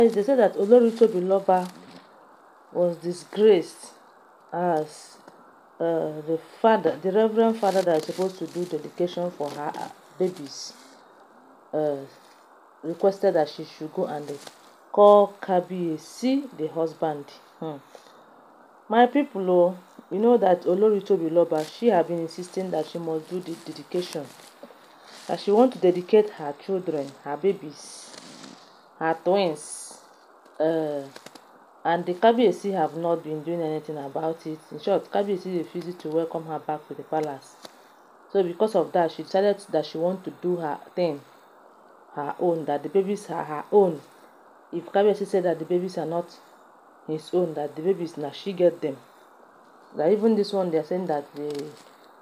They said that Biloba was disgraced as uh, the father, the reverend father that is supposed to do dedication for her uh, babies uh, requested that she should go and call see the husband. Hmm. My people, oh, you know that Biloba, she had been insisting that she must do the dedication, that she want to dedicate her children, her babies, her twins Uh, and the Kabiyesi have not been doing anything about it. In short, Kabiyesi refuses to welcome her back to the palace. So because of that, she decided that she want to do her thing, her own, that the babies are her own. If Kabiyesi said that the babies are not his own, that the babies, now she get them. That even this one, they are saying that the,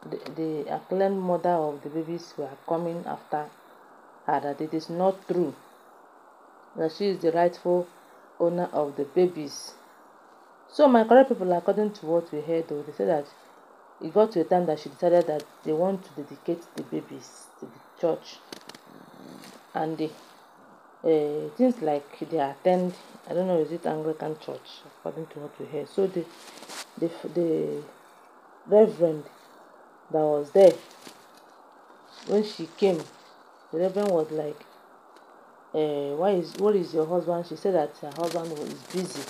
the, the acclaimed mother of the babies were coming after her, that it is not true. That she is the rightful owner of the babies. So my correct people, according to what we heard, though, they said that it got to a time that she decided that they want to dedicate the babies to the church and the, uh, eh, things like they attend i don't know is it anglican church according to what we hear so the the, the reverend that was there when she came the reverend was like uh, why is what is your husband? She said that her husband is busy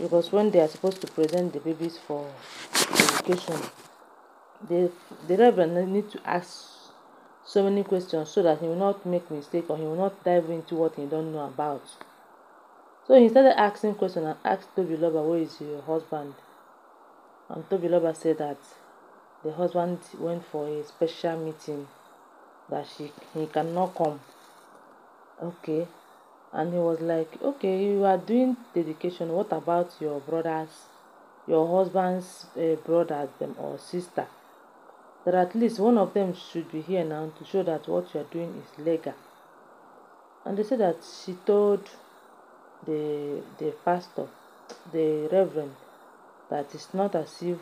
because when they are supposed to present the babies for education, the the reverend need to ask so many questions so that he will not make mistake or he will not dive into what he don't know about. So he started asking questions and asked Tobiloba, where is your husband? And Tobiloba said that the husband went for a special meeting that she he cannot come Okay. And he was like, okay, you are doing dedication. What about your brothers, your husband's uh, brother them, or sister? That at least one of them should be here now to show that what you are doing is legal. And they said that she told the the pastor, the reverend, that it's not as if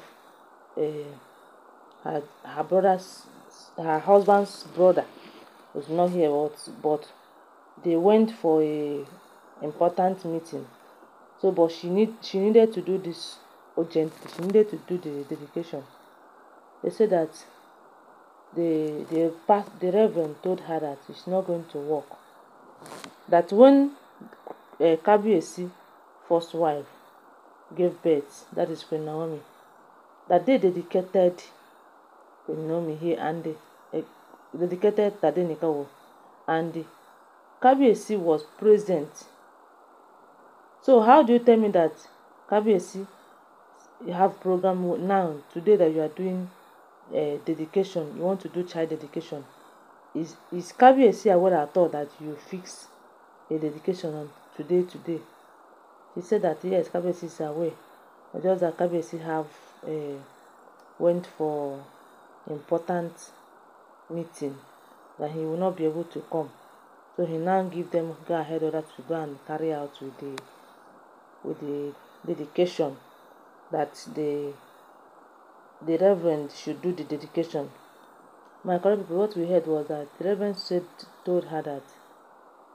uh, her her brother's her husband's brother was not here, but but they went for a important meeting. So, but she need she needed to do this urgent. She needed to do the dedication. They said that the the past, the reverend told her that it's not going to work. That when uh, Kabiesi, first wife, gave birth, that is Queen Naomi, that they dedicated Queen Naomi here and they, uh, dedicated Tadenikawo and. The, Kabiyesi was present. So how do you tell me that Kabiyesi you have program now today that you are doing uh, dedication you want to do child dedication is is Kabiyesi aware at all that you fix a dedication on today today he said that yes Kabiyesi is aware but just that Kabiyesi have uh, went for important meeting that he will not be able to come So he now give them go ahead order to go and carry out with the with the dedication that the the reverend should do the dedication. My correct people, what we heard was that the reverend said told her that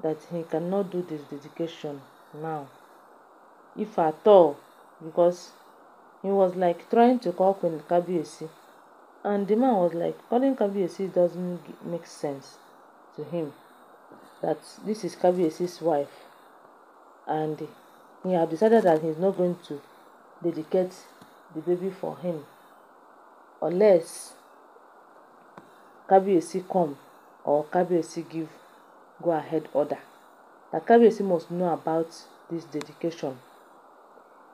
that he cannot do this dedication now, if at all, because he was like trying to call Queen Kabiesi, and the man was like calling Kabiesi doesn't make sense to him. that this is Kabiyesi's wife and he have decided that he is not going to dedicate the baby for him unless Kabiyesi come or Kabiyesi give go ahead order that Kabiyesi must know about this dedication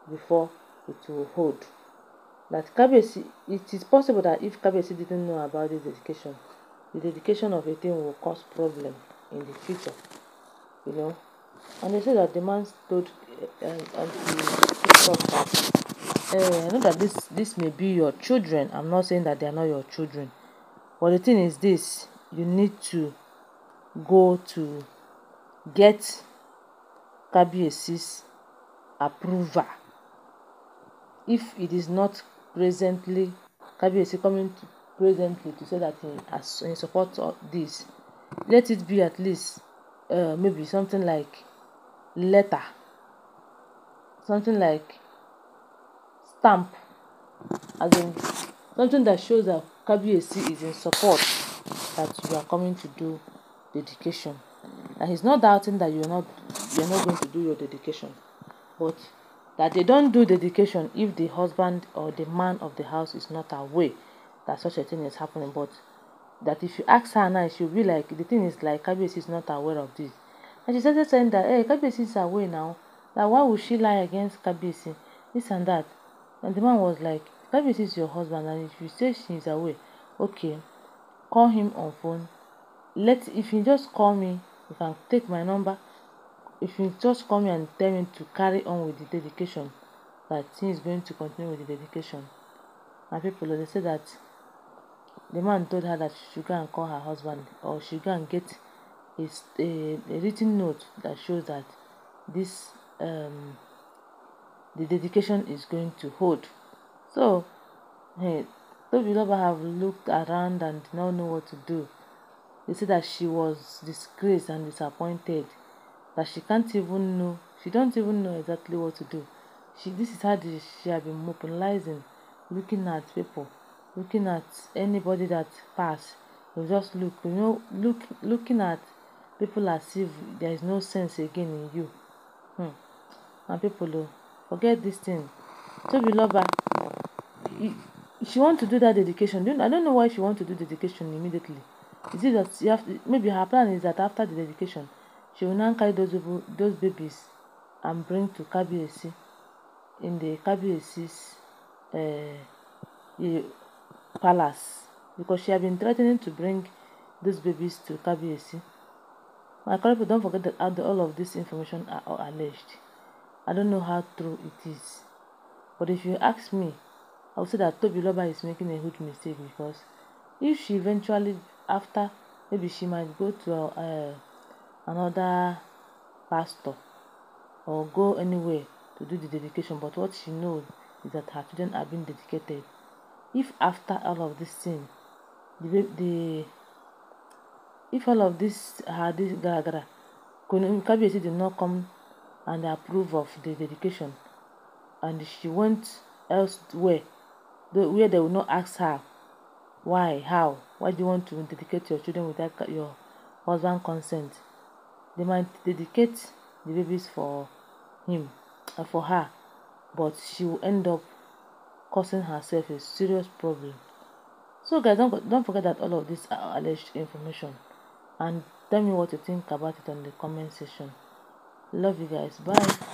before it will hold that Kabiyesi it is possible that if Kabiyesi didn't know about this dedication the dedication of a thing will cause problem in the future. You know, and they say that the man stood eh, and, and he talked that uh, I know that this this may be your children. I'm not saying that they are not your children, but the thing is this: you need to go to get Kabiesi's approval. If it is not presently Kabiesi coming to presently to say that he, has, he supports this, let it be at least uh, maybe something like letter, something like stamp, as in something that shows that KBAC is in support that you are coming to do dedication. And he's not doubting that you're not you're not going to do your dedication, but that they don't do dedication if the husband or the man of the house is not aware that such a thing is happening. But that if you ask her now she will be like the thing is like Kabiyesi is not aware of this and she started saying that hey Kabiyesi is away now that why would she lie against Kabiyesi this and that and the man was like Kabiyesi is your husband and if you say she is away, okay call him on phone let if you just call me you can take my number if you just call me and tell me to carry on with the dedication that thing is going to continue with the dedication And people they say that The man told her that she should go and call her husband or she should go and get a, a, a written note that shows that this um, the dedication is going to hold. So, hey, Tobiloba have looked around and did not know what to do. They said that she was disgraced and disappointed, that she can't even know, she don't even know exactly what to do. She, this is how she had been mobilizing, looking at people looking at anybody that pass you just look you know look looking at people as if there is no sense again in you hmm. And people oh forget this thing So, beloved, she want to do that dedication I don't know why she want to do dedication immediately is it that you have to, maybe her plan is that after the dedication she will now carry those those babies and bring to Kabiyesi in the Kabiyesi's uh, palace because she had been threatening to bring these babies to Kabiyesi. My colleague, don't forget that all of this information are alleged. I don't know how true it is. But if you ask me, I would say that Toby Loba is making a huge mistake because if she eventually, after, maybe she might go to uh, another pastor or go anywhere to do the dedication. But what she knows is that her children have been dedicated if after all of this thing the, the if all of this had uh, this gara Kabiyesi did not come and approve of the dedication and she went elsewhere where they will not ask her why how why do you want to dedicate your children without your husband's consent they might dedicate the babies for him and uh, for her but she will end up causing herself a serious problem. So guys, don't, don't forget that all of this are alleged information. And tell me what you think about it in the comment section. Love you guys. Bye.